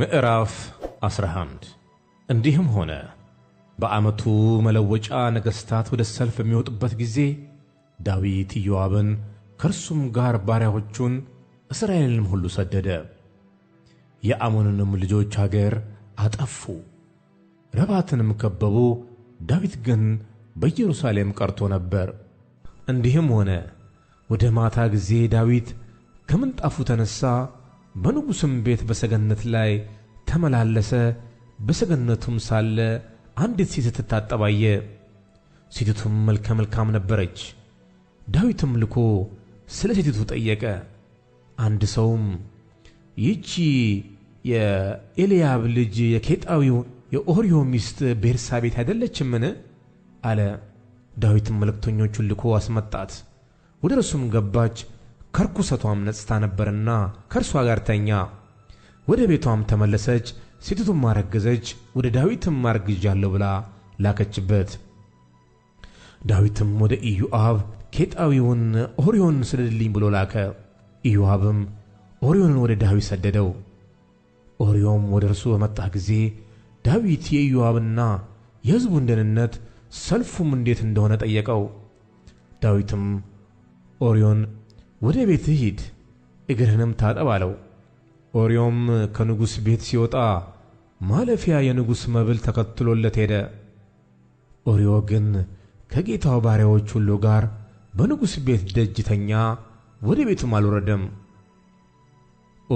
ምዕራፍ 11 እንዲህም ሆነ በዓመቱ መለወጫ ነገሥታት ወደ ሰልፍ በሚወጡበት ጊዜ ዳዊት ኢዮአብን ከእርሱም ጋር ባሪያዎቹን እስራኤልንም ሁሉ ሰደደ። የአሞንንም ልጆች አገር አጠፉ፣ ረባትንም ከበቡ። ዳዊት ግን በኢየሩሳሌም ቀርቶ ነበር። እንዲህም ሆነ ወደ ማታ ጊዜ ዳዊት ከምንጣፉ ተነሣ፣ በንጉሥም ቤት በሰገነት ላይ ተመላለሰ። በሰገነቱም ሳለ አንዲት ሴት ስትታጠብ አየ። ሴቲቱም መልከ መልካም ነበረች። ዳዊትም ልኮ ስለ ሴቲቱ ጠየቀ። አንድ ሰውም ይቺ የኤልያብ ልጅ የኬጣዊው የኦርዮ ሚስት ቤት አይደለችምን? አለ። ዳዊትም መልእክተኞቹን ልኮ አስመጣት። ወደ እርሱም ገባች፣ ከርኩሰቷም ነጽታ ነበርና ከእርሷ ጋር ተኛ። ወደ ቤቷም ተመለሰች። ሴቲቱም አረገዘች፣ ወደ ዳዊትም አርግዣለሁ ብላ ላከችበት። ዳዊትም ወደ ኢዮአብ ኬጣዊውን ኦርዮን ስደድልኝ ብሎ ላከ። ኢዮአብም ኦርዮንን ወደ ዳዊት ሰደደው። ኦርዮም ወደ እርሱ በመጣ ጊዜ ዳዊት የኢዮአብና የሕዝቡን ደህንነት ሰልፉም እንዴት እንደሆነ ጠየቀው። ዳዊትም ኦርዮን ወደ ቤት ሂድ እግርህንም ታጠብ አለው። ኦርዮም ከንጉሥ ቤት ሲወጣ ማለፊያ የንጉሥ መብል ተከትሎለት ሄደ። ኦርዮ ግን ከጌታው ባሪያዎች ሁሉ ጋር በንጉሥ ቤት ደጅ ተኛ፣ ወደ ቤቱም አልወረደም።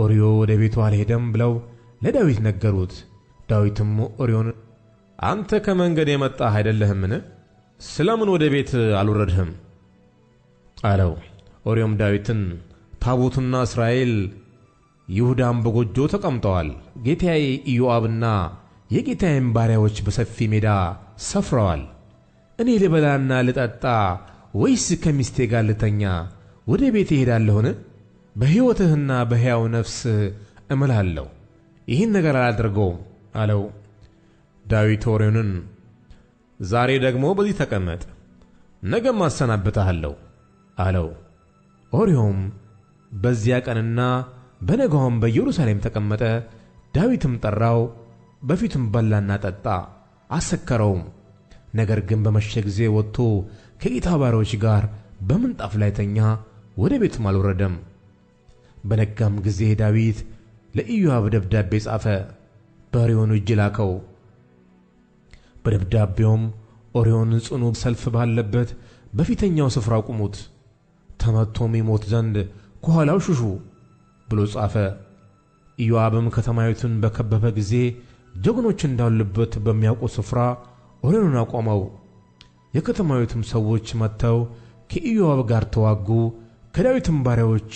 ኦርዮ ወደ ቤቱ አልሄደም ብለው ለዳዊት ነገሩት። ዳዊትም ኦርዮን አንተ ከመንገድ የመጣህ አይደለህምን? ስለምን ወደ ቤት አልወረድህም? አለው። ኦሪዮም ዳዊትን ታቦቱና እስራኤል ይሁዳም በጎጆ ተቀምጠዋል። ጌታዬ ኢዮአብና የጌታዬም ባሪያዎች በሰፊ ሜዳ ሰፍረዋል። እኔ ልበላና ልጠጣ ወይስ ከሚስቴ ጋር ልተኛ ወደ ቤት እሄዳለሁን? በሕይወትህና በሕያው ነፍስህ እምላለሁ፣ ይህን ነገር አላደርገውም አለው። ዳዊት ኦርዮንን ዛሬ ደግሞ በዚህ ተቀመጥ፣ ነገም አሰናብትሃለሁ አለው። ኦርዮም በዚያ ቀንና በነጋውም በኢየሩሳሌም ተቀመጠ። ዳዊትም ጠራው፣ በፊቱም በላና ጠጣ አሰከረውም። ነገር ግን በመሸ ጊዜ ወጥቶ ከጌታ ባሪያዎች ጋር በምንጣፍ ላይ ተኛ፣ ወደ ቤቱም አልወረደም። በነጋም ጊዜ ዳዊት ለኢዮአብ ደብዳቤ ጻፈ፣ በኦርዮን እጅ ላከው። በደብዳቤውም ኦርዮን ጽኑ ሰልፍ ባለበት በፊተኛው ስፍራ አቁሙት ተመቶም ይሞት ዘንድ ከኋላው ሽሹ ብሎ ጻፈ። ኢዮአብም ከተማይቱን በከበበ ጊዜ ጀግኖች እንዳሉበት በሚያውቁ ስፍራ ወሬኑን አቆመው። የከተማዊቱም ሰዎች መጥተው ከኢዮአብ ጋር ተዋጉ። ከዳዊትም ባሪያዎች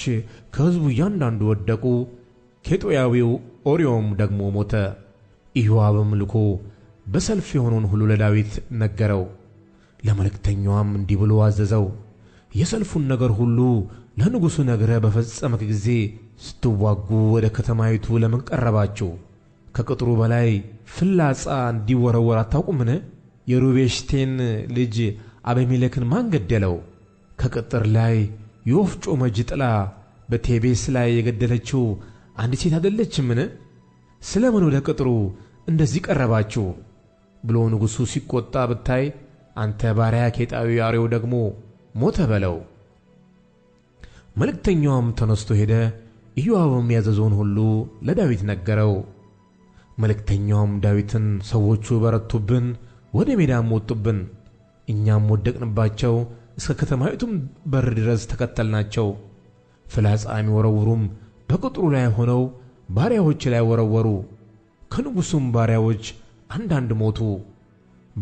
ከሕዝቡ እያንዳንዱ ወደቁ። ኬጦያዊው ኦርዮም ደግሞ ሞተ። ኢዮአብም ልኮ በሰልፍ የሆነውን ሁሉ ለዳዊት ነገረው። ለመልእክተኛዋም እንዲህ ብሎ አዘዘው የሰልፉን ነገር ሁሉ ለንጉሡ ነግረህ በፈጸምክ ጊዜ ስትዋጉ ወደ ከተማይቱ ለምን ቀረባችሁ? ከቅጥሩ በላይ ፍላጻ እንዲወረወር አታውቁምን? የሩቤሽቴን ልጅ አቤሜሌክን ማን ገደለው? ከቅጥር ላይ የወፍጮ መጅ ጥላ በቴቤስ ላይ የገደለችው አንዲት ሴት አይደለችምን? ስለ ምን ወደ ቅጥሩ እንደዚህ ቀረባችሁ? ብሎ ንጉሡ ሲቆጣ ብታይ አንተ ባሪያ ኬጣዊ አሬው ደግሞ ሞተ በለው። መልእክተኛውም ተነስቶ ሄደ፣ ኢዮአብም ያዘዘውን ሁሉ ለዳዊት ነገረው። መልእክተኛውም ዳዊትን ሰዎቹ በረቱብን፣ ወደ ሜዳም ወጡብን፣ እኛም ወደቅንባቸው፣ እስከ ከተማይቱም በር ድረስ ተከተልናቸው። ፍላጻ የሚወረውሩም በቅጥሩ ላይ ሆነው ባሪያዎች ላይ ወረወሩ። ከንጉሡም ባሪያዎች አንዳንድ ሞቱ።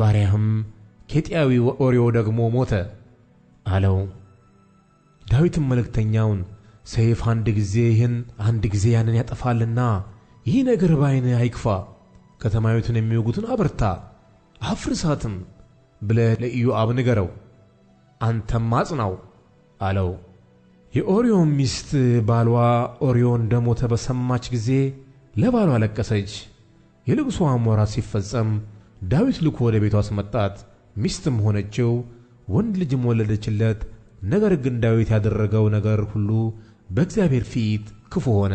ባሪያህም ኬጢያዊ ኦርዮ ደግሞ ሞተ። አለው። ዳዊትም መልእክተኛውን ሰይፍ አንድ ጊዜ ይህን አንድ ጊዜ ያንን ያጠፋልና ይህ ነገር በዓይንህ አይክፋ፣ ከተማዊቱን የሚወጉትን አበርታ፣ አፍርሳትም ብለ ለኢዮአብ ንገረው፣ አንተም አጽናው አለው። የኦርዮን ሚስት ባልዋ ኦርዮ እንደሞተ በሰማች ጊዜ ለባሏ አለቀሰች። የልቅሷም ወራት ሲፈጸም ዳዊት ልኮ ወደ ቤቷ አስመጣት፣ ሚስትም ሆነችው። ወንድ ልጅም ወለደችለት። ነገር ግን ዳዊት ያደረገው ነገር ሁሉ በእግዚአብሔር ፊት ክፉ ሆነ።